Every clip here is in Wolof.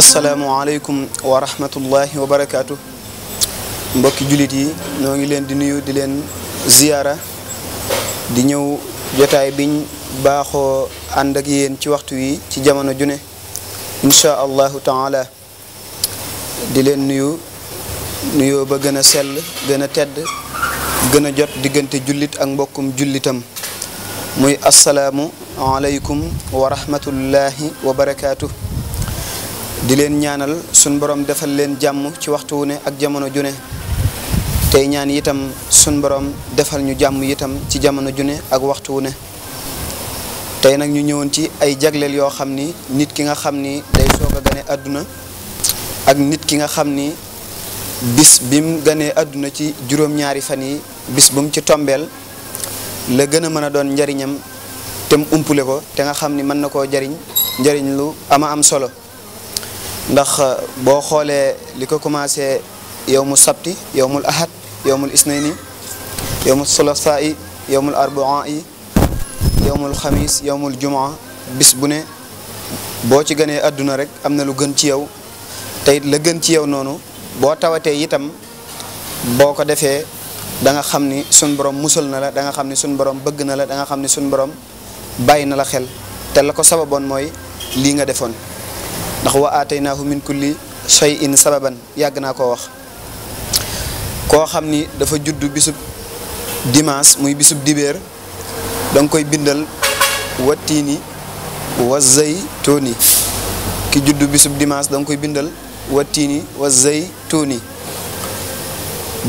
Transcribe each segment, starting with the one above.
asalaamualeykum wa rahmatullahi wa barakaatu mbokki jullit yi ñoo ngi leen di nuyu di leen ziyaara di ñëw jotaay biñ baaxoo ànd ak yéen ci waxtu yi ci jamono june insha allahu taala di leen nuyu nuyoo ba gën a sell gën a tedd gën a jot diggante jullit ak mbokkum jullitam muy asalaamu aleykum wa rahmatullahi di leen ñaanal sun borom defal leen jàmm ci waxtu wu ne ak jamono ju ne tey ñaan itam sun borom defal ñu jàmm yitam ci jamono ju ne ak waxtu wu ne tey nag ñu ñëwoon ci ay jagleel yoo xam ni nit ki nga xam ni day soog gane àdduna ak nit ki nga xam ni bis bim mu àdduna ci juróom-ñaari fan yi bis bu mu ci tombeel la gën a mën a doon njariñam te mu umpule ko te nga xam ni mën na koo jariñ njariñ lu ama am solo ndax euh, boo xoolee li ko commencé yowmul sabti yowmul ahad yowmul isnayni yowmul sulasa yi yowmul arbaa yi yowmul xamis yowmul jumaa bis bu ne boo ci gënee àdduna rek am na lu gën ci yow te la gën ci yow noonu boo tawatee itam boo ko defee danga xam ni suñ borom musal na la danga xam ni suñ borom bëgg na la danga xam ni suñ borom bàyyi na la xel te la ko sababoon mooy lii nga defoon ndax wa aataynaahu min kulli shay'in sababan yàgg naa ko wax koo xam ni dafa judd bisub dimanche muy bisub dibéer danga koy bindal wattiini wa zaytuuni ki judd bisub danga koy bindal wattiini wa zaytuuni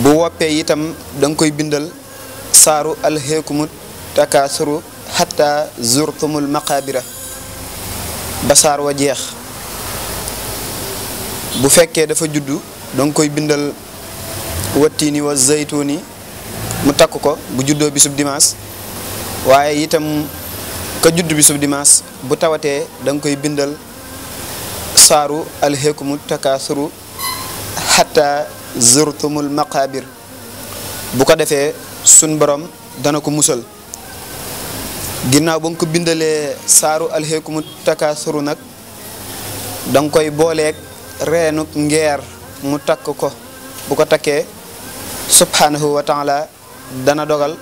bu woppee itam danga koy bindal saaru alxeekumut takaasuru xatta zurtumul maqaabira ba saar wa jeex bu fekkee dafa juddu danga koy bindal wattiini wa zaytuuni mu takk ko bu juddoo bisub dimanche waaye itam ka juddu bisub dimanche bu tawatee da nga koy bindal saaru alxeekumu takaasuru xataa zurtumul maqaabir bu ko defee suñ borom dana ko musal ginnaaw ba ko bindalee saaru alxeekumu takaasuru nag danga koy booleek reenub ngeer mu takk ko bu ko takkee subhanahu wa dana dogal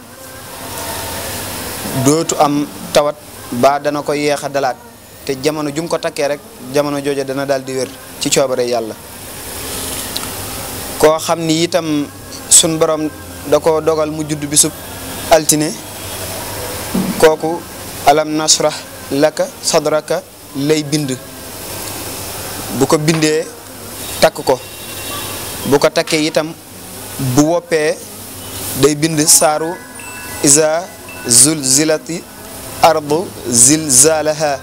dootu am tawat ba dana ko yeex a dalaat te jamono jum ko takkee rek jamono jooja dana daal di wér ci coobare yàlla koo xam ni itam sun boroom da ko dogal mu judd bisub altine kooku alam nasrah laka sadraka lay bind bu ko bindee takk ko bu ko takkee itam bu woppee day bind saaru isa zulzilati ardu zilzaalaha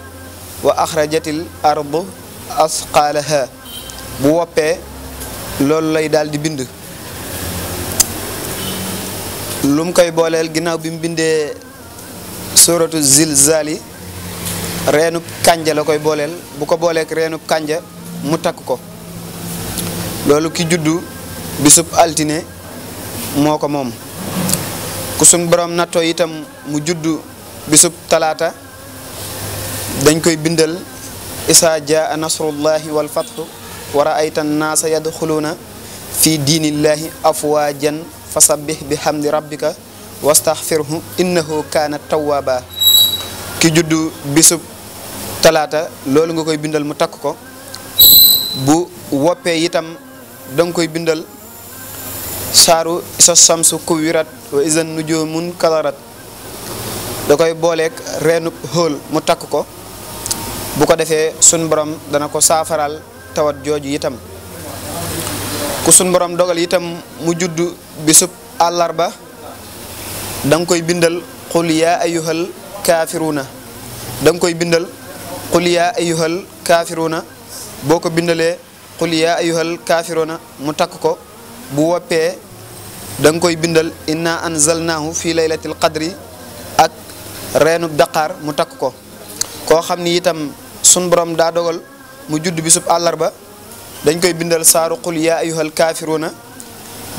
wa axrajatil ardu asqaalaha bu woppee loolu lay daal di bind lu koy booleel ginnaaw bi mu bindee suratu zilzaali reenub kànja la koy booleel bu ko booleek reenub kànja mu takk ko loolu ki juddu bisub altine moo ko moom ku suñ borom nattoo mu juddu bisub talaata dañ koy bindal isaa jaa nasrullahi wal fathu wa raayta annaasa yadxuluuna fi diinillahi afwaajan fasabbih bi hamdi rabbika wastaxfirhu innahu kaana tawwaaba ki juddu bisub talaata loolu nga koy bindal mu takk ko bu woppee itam da koy bindal saaru isa samsu kuwirat wa isan nujumun kalarat da koy booleek reenu xool mu takk ko bu ko defee sun borom dana ko saafaral tawat jooju itam ku sun borom dogal itam mu juddu bisub àllarba dang koy bindal qul yaa ayyuhal kaafiruuna da koy bindal qul yaa ayyuhal kaafiruuna boo ko bindalee xul yaa ayuhal kaafirona mu takk ko bu woppee da koy bindal inna anzalnaahu fi laylatil qadri ak reenub daqaar mu takk ko koo xam ni itam sun borom daa dogal mu judd bisub àllarba dañ koy bindal saaru xul yaa ayuhal kaafirona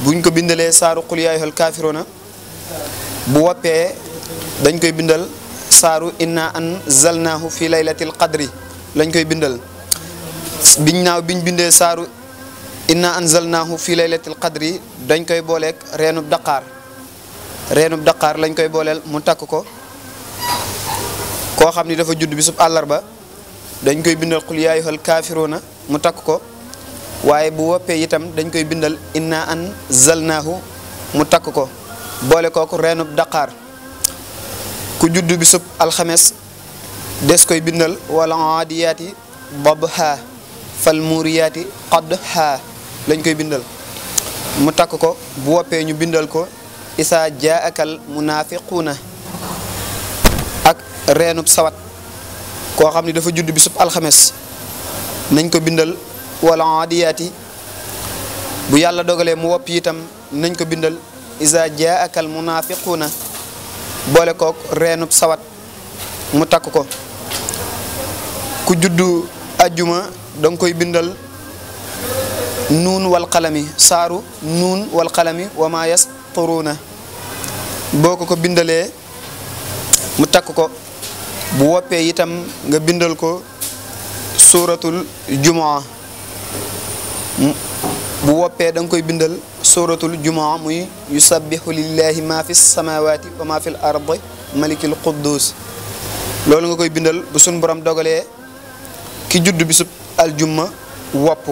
buñ ko bindalee saaru xul yaa bu woppee dañ koy bindal saaru inna anzalnaahu fi laylatil qadri lañ koy bindal biñ naaw biñ bindee saaru inna anzalnaahu fi laylatil qadri dañ koy booleeg reenub daqaar reenub daqaar lañ koy booleel mu takk ko koo xam ni dafa judd bisub àllarba dañ koy bindal qul yaa ayyuhal kaafiruuna mu takk ko waaye bu woppee itam dañ koy bindal inna anzalnaahu mu takk ko boole kooku reenub daqaar ku judd bisub alxames des koy bindal wala aadiyaati dabha fal muuriyaati qadha lañ koy bindal mu takk ko bu woppee ñu bindal ko isaa jaakal munaafiquuna ak reenub sawat koo xam ne dafa judd bisub alxemes nañ ko bindal wala aadiyaati bu yàlla dogalee mu wopp itam nañ ko bindal isaa jaakal munaafiquuna boole kook reenub sawat mu takk ko ku juddu ajjuma da koy bindal nuun wal xalami saaru nuun wal xalami wa maa yasturuuna boo ko ko bindalee mu takk ko bu woppee itam nga bindal ko suuratul jumaa bu woppee da koy bindal suuratul jumaa muy yusabbihu lillahi ma fi samawati wa ma fi ardi malikil quddus loolu nga koy bindal bu sun borom dogalee ki judd bisub aljumma wopp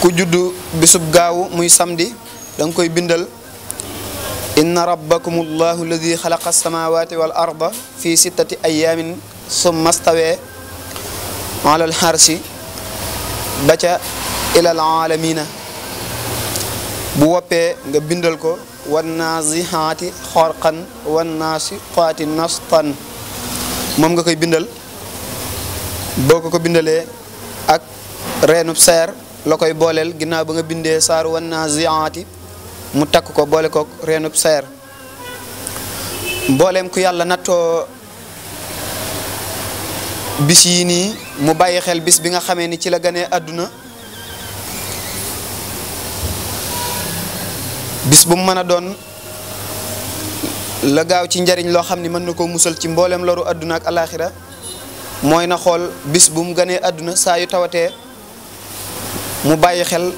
ku judd bisub gaawu muy samdi da koy bindal inna rabbakum allahu alladi xalaqa alsamawati wal arda fi sittati ayaamin summa stawee ala alxarsi ba ca ila alalamina bu woppee nga bindal ko wannazihaati xorqan wannaasitaati nastan moom nga koy bindal boo ko ko bindalee ak reenub seer la koy booleel ginnaaw ba nga bindee saaru wan naaziaati mu takk ko boole ko reenub seer mbooleem ku yàlla nattoo bis yi nii mu bàyyi xel bis bi nga xamee ni ci la ganee àdduna bis bu mu mën a doon la gaaw ci njariñ loo xam ni mën na koo musal ci mbooleem loru àdduna ak alaaxira mooy na xool bis bu mu ganee àdduna saa yu tawatee mu bàyyi xel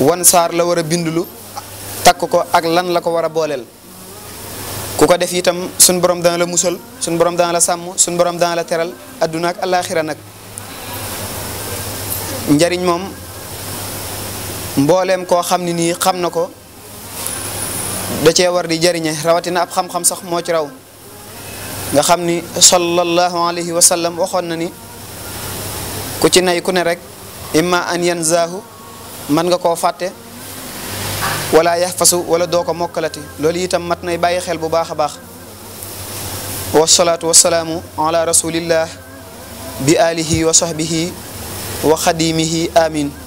wan saar la war a bindulu takk ko ak lan la ko war a booleel ku ko def itam suñ borom dana la musal suñ borom dana la sàmm suñ borom dana la teral àdduna ak alaaxira nag njariñ moom mbooleem koo xam ne nii xam na ko da cee war di jariñe rawatina ab xam-xam sax moo ci raw nga xam ni sallallahu alayhi wa sallam waxoon na ni ku ci nay ku ne rek imma an yanzaahu mën nga koo fàtte wala yaxfasu wala doo ko mokkalati loolu itam mat nay bàyyi xel bu baax a baax wasalaatu wasalaamu ala rasulillah bi alihi wa sahbihi wa xadimihi amin